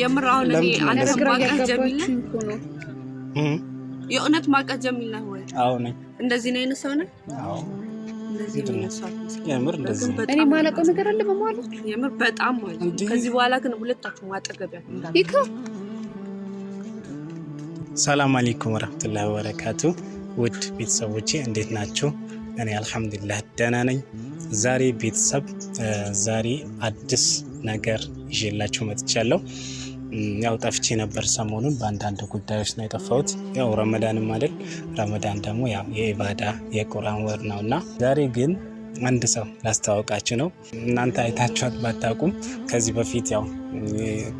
የምር አሁን እኔ አንተን ማውቃት ጀሚል ነህ? የእውነት ማውቃት ጀሚል ነህ ወይ? አዎ ነኝ። እንደዚህ ነው የነሳው ነህ? አዎ ሰላም አለይኩም ወራህመቱላሂ ወበረካቱ። ውድ ቤተሰቦቼ እንዴት ናችሁ? እኔ አልሐምዱሊላህ ደህና ነኝ። ዛሬ ቤተሰብ ዛሬ አዲስ ነገር ይዤላችሁ መጥቻለሁ። ያው ጠፍቼ ነበር ሰሞኑን በአንዳንድ ጉዳዮች ነው የጠፋሁት። ያው ረመዳንም አይደል ረመዳን ደግሞ ያው የኢባዳ የቁርአን ወር ነው እና ዛሬ ግን አንድ ሰው ላስተዋወቃችሁ ነው። እናንተ አይታችኋት ባታውቁም ከዚህ በፊት ያው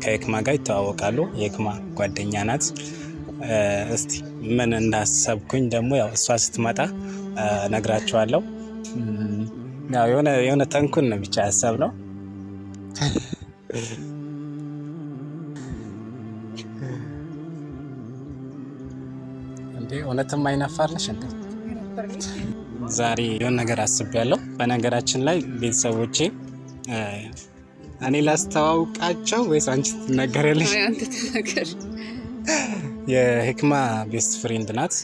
ከየክማ ጋር ይተዋወቃሉ። የክማ ጓደኛ ናት። እስቲ ምን እንዳሰብኩኝ ደግሞ ያው እሷ ስትመጣ ነግራችኋለሁ። የሆነ ተንኩን ነው ብቻ ያሰብ ነው እንዴ እውነትም አይናፋርነሽ እንዴ? ዛሬ የሆነ ነገር አስቤያለሁ። በነገራችን ላይ ቤተሰቦቼ እኔ ላስተዋውቃቸው ወይስ አንቺ ትናገሪያለሽ? የህክማ ቤስት ፍሬንድ ናት፣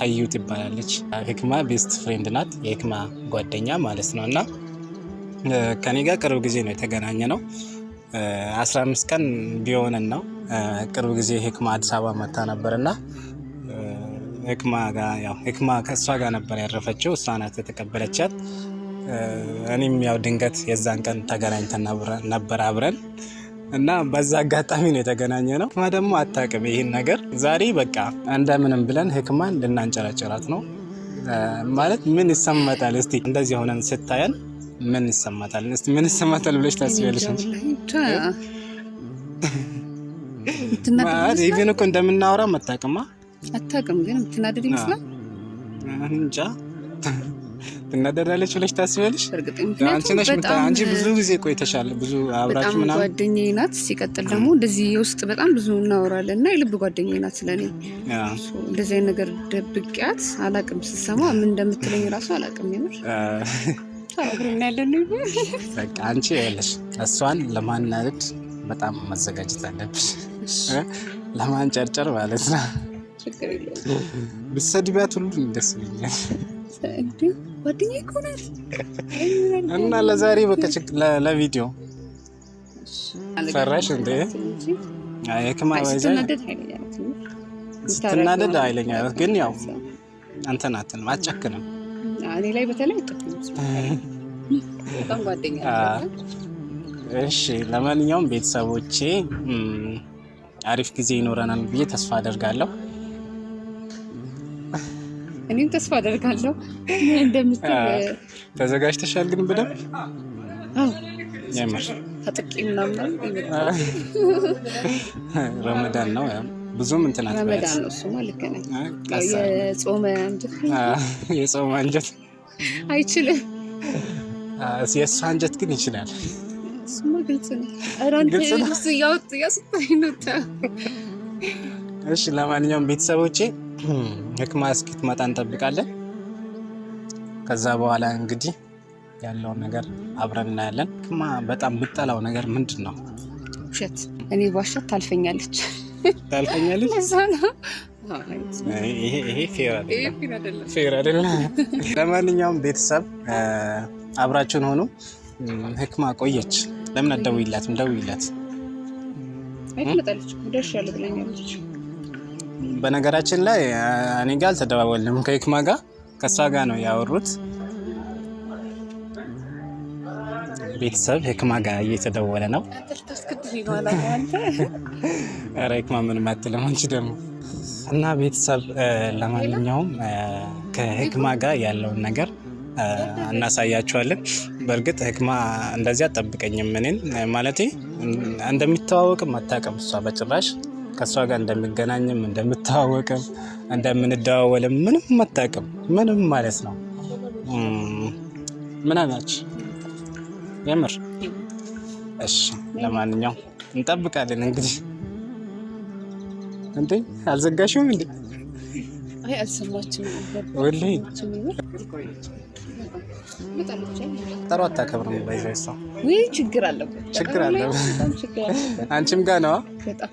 ሀዩ ትባላለች። ህክማ ቤስት ፍሬንድ ናት፣ የህክማ ጓደኛ ማለት ነው። እና ከኔ ጋር ቅርብ ጊዜ ነው የተገናኘ ነው፣ 15 ቀን ቢሆንን ነው። ቅርብ ጊዜ ህክማ አዲስ አበባ መታ ነበር እና ህክማ ጋር ያው ህክማ ከእሷ ጋር ነበር ያረፈችው። እሷ ናት የተቀበለቻት። እኔም ያው ድንገት የዛን ቀን ተገናኝተን ነበር አብረን እና በዛ አጋጣሚ ነው የተገናኘ ነው። ህክማ ደግሞ አታውቅም ይህን ነገር። ዛሬ በቃ እንደምንም ብለን ህክማን ልናንጨራጨራት ነው ማለት ምን ይሰማታል? እስቲ እንደዚህ ሆነን ስታየን ምን ይሰማታል? እስቲ ምን ይሰማታል ብለሽ ታስቢያለሽ? ኢቭን እኮ እንደምናወራ መታቅማ አታውቅም ግን የምትናደድ ይመስላል። እንጃ ትናደዳለች ብለሽ ታስበልሽ? አንቺ ብዙ ጊዜ ቆይተሻል፣ ብዙ አብራችሁ ምናምን። ጓደኛ ናት። ሲቀጥል ደግሞ እንደዚህ የውስጥ በጣም ብዙ እናወራለን እና የልብ ጓደኛ ናት። ስለኔ እንደዚህ ነገር ደብቂያት አላውቅም። ስሰማ ምን እንደምትለኝ ራሱ አላውቅም። የምር በቃ አንቺ ያለሽ እሷን ለማናደድ በጣም መዘጋጀት አለብሽ፣ ለማንጨርጨር ማለት ነው ችግር የለውም። ብትሰድቢያት ሁሉ ደስ ይለኛል። ጓደኛ ይኮናል እና ለዛሬ በቃ ለቪዲዮ ፈራሽ እንደ የክማ ይዛ ስትናደድ ኃይለኛ ግን ያው እንትን አትልም አትጨክንም። እኔ ላይ በተለይ በጣም ጓደኛ። እሺ ለማንኛውም ቤተሰቦቼ አሪፍ ጊዜ ይኖረናል ብዬ ተስፋ አደርጋለሁ። እኔም ተስፋ አደርጋለሁ እንደምትል። ተዘጋጅተሻል ግን በደምብ ታጥቂ ምናምን ረመዳን ነው ብዙም እንትን ረመዳን ነው እሱማ ልክ የጾመ አንጀት የጾመ አንጀት አይችልም። የእሱ አንጀት ግን ይችላል። እሱማ ግልጽ ነው። ኧረ እያወጡ ነው። እሺ ለማንኛውም ቤተሰቦቼ ህክማ እስኪትመጣ እንጠብቃለን። ከዛ በኋላ እንግዲህ ያለውን ነገር አብረን እናያለን። ህክማ በጣም ብጠላው ነገር ምንድን ነው? ውሸት። እኔ በውሸት ታልፈኛለች ታልፈኛለች። እዛ ነው። ይሄ ፌር አይደለም። ለማንኛውም ቤተሰብ አብራችሁን ሆኑ። ህክማ ቆየች። ለምን አትደውይላትም? ደውይላት። አይመጣለች ደርሻለሁ ብለኛለች። በነገራችን ላይ እኔ ጋር አልተደዋወልንም ከይክማ ጋ ከእሷ ጋ ነው ያወሩት። ቤተሰብ ህክማ ጋ እየተደወለ ነው። ኧረ ህክማ ምንም አትልም አንቺ ደግሞ እና ቤተሰብ ለማንኛውም ከህክማ ጋ ያለውን ነገር እናሳያቸዋለን። በእርግጥ ህክማ እንደዚህ አጠብቀኝም እኔን ማለቴ እንደሚተዋወቅም አታውቅም እሷ በጭራሽ ከእሷ ጋር እንደሚገናኝም እንደምታዋወቅም እንደምንደዋወልም ምንም መታቅም ምንም ማለት ነው። ምን አላች የምር እሺ። ለማንኛው እንጠብቃለን እንግዲህ። እንዴ አልዘጋሽም እንዴ? አይ አልሰማችም። ወላሂ ጠሯ አታከብርም። ባይዛ ሰው ችግር አለበት፣ ችግር አለበት። አንቺም ጋር ነዋ በጣም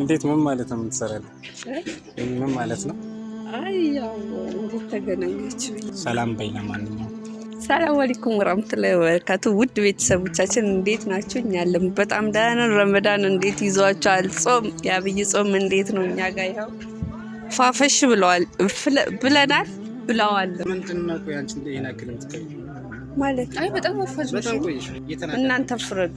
እንዴት ምን ማለት ነው የምትሰራለን? ምን ማለት ነው? አይ ያው እንዴት ተገናኛችሁ? ሰላም በይና ማንኛውም ሰላም አለይኩም ወራህመቱላሂ ወበረካቱ። ውድ ቤተሰቦቻችን እንዴት ናችሁ? እኛ አለን በጣም ደህና ነን። ረመዳን እንዴት ይዟችኋል? ጾም የአብይ ጾም እንዴት ነው? እኛ ጋር ያው ፋፈሽ ብለዋል ብለናል ብለዋል። ምንድነው ቆይ አንቺ ማለት አይ በጣም ወፋጅ እናንተ ፍረዱ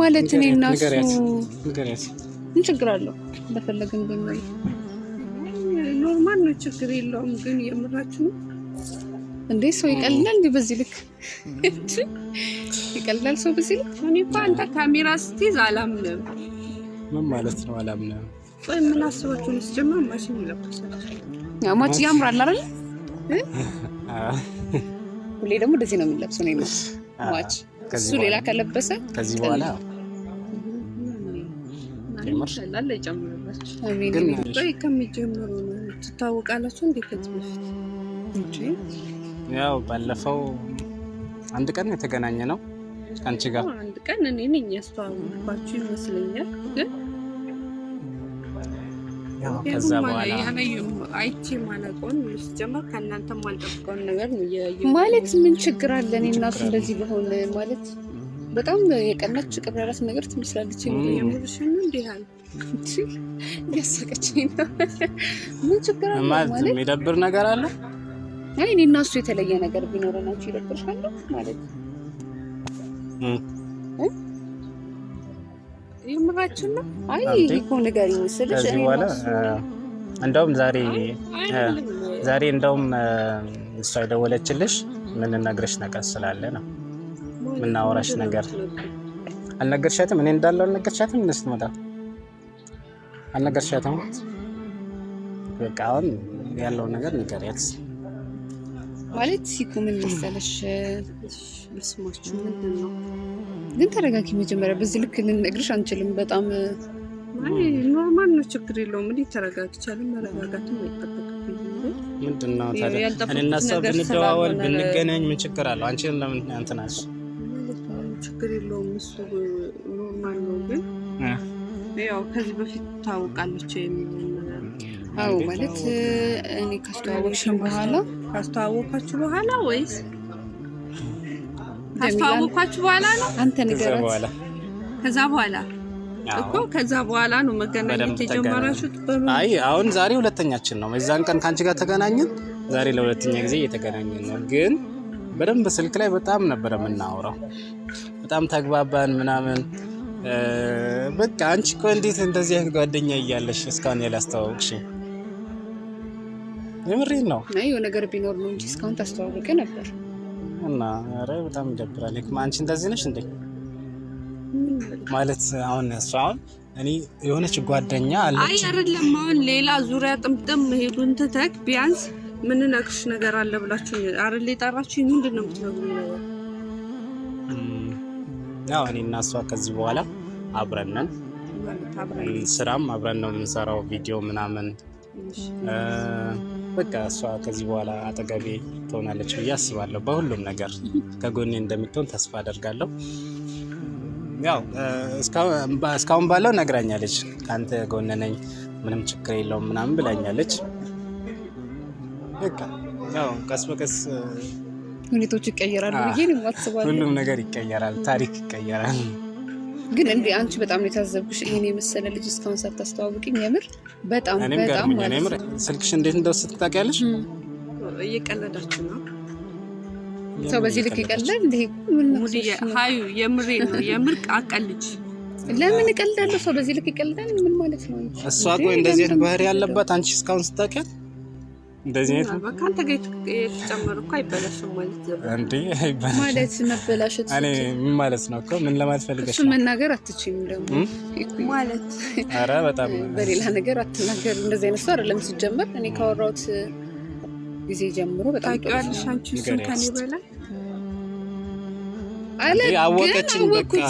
ማለት እኔ እና እሱ ምን ችግር አለው? እንደፈለግን ብናይ ኖርማል ነው፣ ችግር የለውም። ግን የምራችሁ እንዴ ሰው ይቀልላል እንዴ? በዚህ ልክ ይቀልላል ሰው በዚህ ልክ። እኔ እኮ አንተ ካሜራ ስትይዝ አላምንም። ምን ማለት ነው አላምንም? ቆይ ምን አስባችሁ ነው? ማሽን ይለብሳል። ማች ያምራል አይደል? ሁሌ ደግሞ እንደዚህ ነው የሚለብሰው ነው ማች እሱ ሌላ ከለበሰ ከዚህ በኋላ ከሚጀምሩ ትታወቃላችሁ። እንዴት በፊት ያው ባለፈው አንድ ቀን የተገናኘ ነው አንቺ ጋር አንድ ቀን እኔ ነኝ ያስተዋወቅኳችሁ ይመስለኛል ግን ከዛ በኋላ ማለት ምን ችግር አለ? እኔ እና እሱ እንደዚህ በሆነ ማለት በጣም የቀናች ቅብራራት ነገር ትመስላለች። እያሳቀች ምን ችግር አለ? ማለት የሚደብር ነገር አለ? እኔ እና እሱ የተለየ ነገር ቢኖረናቸው ይደብርሻል ማለት የምራችን ነው። አይ እኮ ንገሪኝ ስልሽ እኔ እንደውም ዛሬ ዛሬ እንደውም እሷ የደወለችልሽ ምን ነግረሽ ነገር ስላለ ነው ምናወራሽ ነገር አልነገርሻትም። እኔ እንዳለው አልነገርሻትም። እነ ስትመጣ አልነገርሻትም። በቃ አሁን ያለውን ነገር ንገሪያት ማለት ሲኩ ምን መሰለሽ ስማችሁ ምንድን ነው ግን ተረጋጊ። መጀመሪያ በዚህ ልክ ልንነግርሽ አንችልም። በጣም ኖርማል ነው፣ ችግር የለውም። እኔ ተረጋግቻለሁ። መረጋጋቱ ምንድን ነው ታዲያ? እኔና እሷ ብንደዋወል ብንገናኝ ምን ችግር አለው? አንቺን ለምን እንትን አልሽ? ችግር የለውም እሱ ኖርማል ነው። ግን ያው ከዚህ በፊት ታውቃለች የሚሆን አዎ ማለት እኔ ካስተዋወቅሽን በኋላ ካስተዋወቃችሁ በኋላ ወይስ ካስተዋወኳችሁ በኋላ ነው። አንተ ንገራት። ከዛ በኋላ እኮ ከዛ በኋላ ነው መገናኘት የጀመራችሁት? አይ አሁን ዛሬ ሁለተኛችን ነው። እዛን ቀን ከአንቺ ጋር ተገናኘን። ዛሬ ለሁለተኛ ጊዜ እየተገናኘን ነው ግን በደንብ ስልክ ላይ በጣም ነበረ የምናወራው። በጣም ተግባባን ምናምን በቃ አንቺ እኮ እንዴት እንደዚህ አይነት ጓደኛ እያለሽ እስካሁን ያላስተዋወቅሽ? የምሬን ነው። የሆነ ነገር ቢኖር ነው እንጂ እስካሁን ታስተዋውቀ ነበር። እና ኧረ በጣም ይደብራል። አንቺ እንደዚህ ነሽ እንዴ? ማለት አሁን ስራውን እኔ የሆነች ጓደኛ አለች። አይ አይደለም፣ አሁን ሌላ ዙሪያ ጥምጥም መሄዱን ትተክ ቢያንስ ምን ነግርሽ ነገር አለ ብላችሁ አይደል የጠራችሁኝ? ምንድን ነው የምትነግሩኝ ያው እኔ እና እሷ ከዚህ በኋላ አብረን ነን፣ ስራም አብረን ነው የምንሰራው ቪዲዮ ምናምን በቃ እሷ ከዚህ በኋላ አጠገቤ ትሆናለች ብዬ አስባለሁ። በሁሉም ነገር ከጎኔ እንደምትሆን ተስፋ አደርጋለሁ። ያው እስካሁን ባለው ነግራኛለች፣ ከአንተ ጎን ነኝ፣ ምንም ችግር የለውም ምናምን ብላኛለች። በቃ ያው ቀስ በቀስ ሁኔታዎች ይቀየራሉ ብዬ ሁሉም ነገር ይቀየራል፣ ታሪክ ይቀየራል። ግን እንዲ አንቺ በጣም የታዘብኩሽ። ይህን የመሰለ ልጅ እስካሁን ሳታስተዋውቅኝ የምር በጣም በጣም ስልክሽ እንዴት እንደወሰድክ ታውቂያለሽ? እየቀለዳችሁ ነው። ሰው በዚህ ልክ ይቀልዳል? እንደ ሀዩ የምሬ ነው። የምር አቀልጅ ለምን እቀልዳለሁ? ሰው በዚህ ልክ ይቀልዳል? ምን ማለት ነው? እሷ ቆይ እንደዚህ ባህሪ ያለባት አንቺ እስካሁን ስታውቂያት እንደዚህ አይነት ከአንተ ጋር የተጨመሩ እኮ አይበላሽም ማለት ነው። እንደ ማለት መበላሸት እኔ ምን ማለት ነው እኮ ምን ለማለት ፈልገሽ ነው? መናገር አትችይም ደግሞ ማለት ኧረ በጣም በሌላ ነገር አትናገር። እንደዚህ አይነት ሰው አይደለም ሲጀመር። እኔ ካወራሁት ጊዜ ጀምሮ በጣም ታውቂዋለሽ አንቺ እሱን ከኔ አወቀችኝ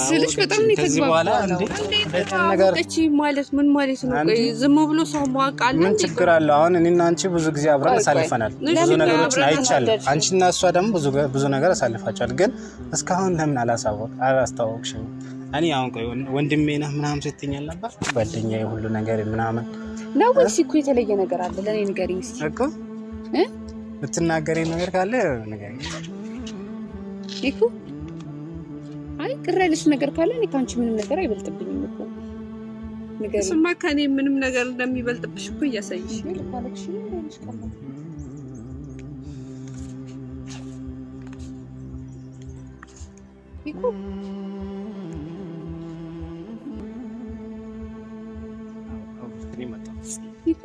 ስልሽ በጣም ነው የተግባባችኝ። ማለት ምን ማለት ነው? ዝም ብሎ ሰው ማውቃል ምን ችግር አለው? አሁን እኔና አንቺ ብዙ ጊዜ አብረን አሳልፈናል። ብዙ ነገሮችን አይቻልም። አንቺና እሷ ደግሞ ብዙ ነገር አሳልፋቸዋል ግን እስካሁን ለምን አላስታወቅሽኝ? እኔ አሁን ቆይ ወንድሜ ነህ ምናምን ስትይኝ አልነበር? ጓደኛዬ ሁሉ ነገር ምናምን ነው ወይስ እኮ የተለየ ነገር አለ? ለእኔ ንገሪኝ እስኪ እኮ የምትናገሪኝ ነገር ካለ ንገሪኝ እኮ አይ ቅር ያለሽ ነገር ካለ እኔ ከአንቺ ምንም ነገር አይበልጥብኝም እኮ እሱማ ከኔ ምንም ነገር እንደሚበልጥብሽ እኮ እያሳይሽ ይኮ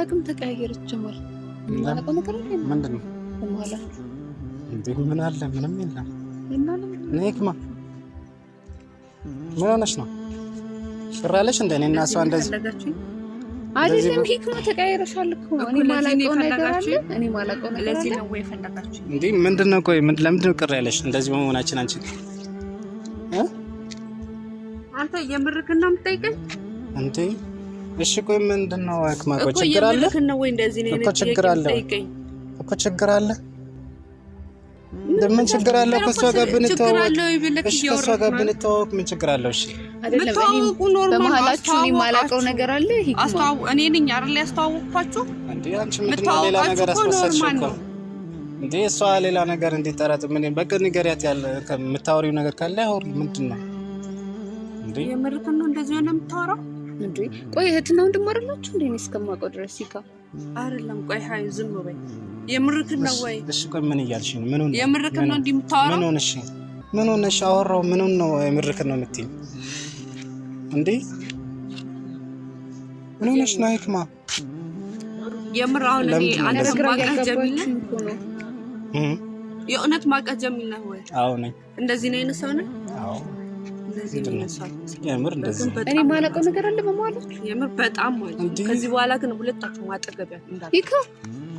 አላውቅም ተቀያየረች ጀመር የማላውቀው ነገር አለ ምንድን ነው በኋላ እንዴ ምን አለ ምንም የለም ኔክማ ምን ሆነሽ ነው ሽራለሽ እንደ እኔ እና እሷ እንደዚህ አይደለም ሂክማ ተቀያይረሻል እኮ እኔ ማላውቀው ነገር አለ እኔ ማላውቀው ነገር አለ ምንድን ነው ቆይ ለምንድን ነው ቅር ያለሽ እንደዚህ መሆናችን? አንቺ አንተ የምርክና የምትጠይቀኝ እንዴ እሺ ቆይ ምንድን ነው አክማቆ ችግር አለ እኮ ችግር አለ እኮ ችግር አለ ምን ችግር አለ ከሷ ጋር ብንተዋወቅ እሺ ከሷ ጋር ምን ችግር አለው እሺ ብትተዋወቁ ኖርማል በመሀላችሁ እኔ የማላውቀው ነገር አለ አስተዋው እኔ ነኝ አይደል ያስተዋወቅኳችሁ እንዴ አንቺ ሌላ ነገር አስመሰልሽ እኮ እንዴ እሷ ሌላ ነገር እንዲጠረጥ ምን በቃ ንገሪያት ያለ የምታወሪው ነገር ካለ አውሪ ምንድን ነው እንዴ የምርት ነው እንደዚህ ሆነ የምታወራው እንዴ ቆይ እህትና ወንድም አይደላችሁ እንዴ? እስከማውቀው ድረስ ሲካ አይደለም። ቆይ ሀይ ዝም በይ። የምርክን ነው ወይ? እሺ ቆይ ምን እያልሽ ነው? ምን ሆነ? የምርክን ነው እንዲህ የምታወራው? ምን ሆነሽ? ምን ሆነሽ? አወራው ምን ነው? የምርክን ነው የምትይኝ እንዴ? ምን ሆነሽ ነው? ይክማ የምር አሁን እኔ አንተ ማቀፍ ጀሚል ነው የእውነት ማቀፍ ጀሚል ነው ወይ? አዎ ነኝ። እንደዚህ ነው የነሳው ነው? አዎ እኔ የማላውቀው ነገር አለ በማለት የምር በጣም ማለት ከዚህ በኋላ ግን ሁለታችሁ ማጠገቢያ